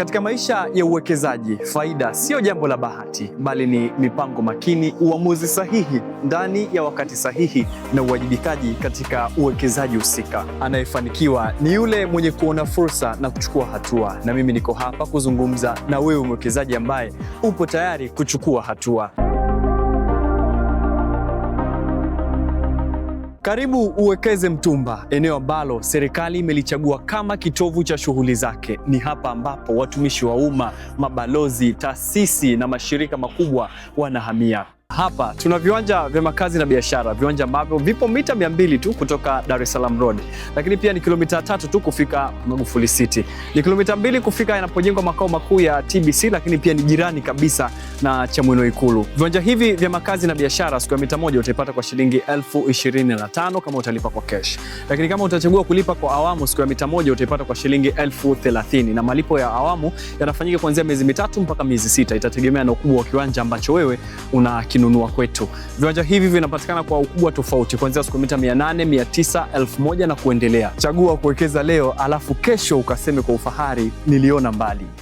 Katika maisha ya uwekezaji, faida sio jambo la bahati, bali ni mipango makini, uamuzi sahihi ndani ya wakati sahihi na uwajibikaji katika uwekezaji husika. Anayefanikiwa ni yule mwenye kuona fursa na kuchukua hatua, na mimi niko hapa kuzungumza na wewe mwekezaji ambaye upo tayari kuchukua hatua. Karibu Uwekeze Mtumba, eneo ambalo serikali imelichagua kama kitovu cha shughuli zake. Ni hapa ambapo watumishi wa umma, mabalozi, taasisi na mashirika makubwa wanahamia. Hapa tuna viwanja vya makazi na biashara, viwanja ambavyo vipo mita 200 tu kutoka Dar es Salaam Road, lakini pia ni kilomita tatu tu kufika Magufuli City, ni kilomita mbili kufika yanapojengwa makao makuu ya TBC, lakini pia ni jirani kabisa na cha Mwino Ikulu. Viwanja hivi vya makazi na biashara, siku ya mita moja utaipata kwa shilingi elfu ishirini na tano kama utalipa kwa cash, lakini kama utachagua kulipa kwa awamu, siku ya mita moja utaipata kwa shilingi elfu thelathini na malipo ya awamu yanafanyika kuanzia miezi mitatu mpaka miezi sita, itategemea na ukubwa wa kiwanja ambacho wewe unakinunua kwetu. Viwanja hivi vinapatikana kwa ukubwa tofauti kuanzia siku mita 800, elfu moja na kuendelea. Chagua kuwekeza leo, alafu kesho ukaseme kwa ufahari, niliona mbali.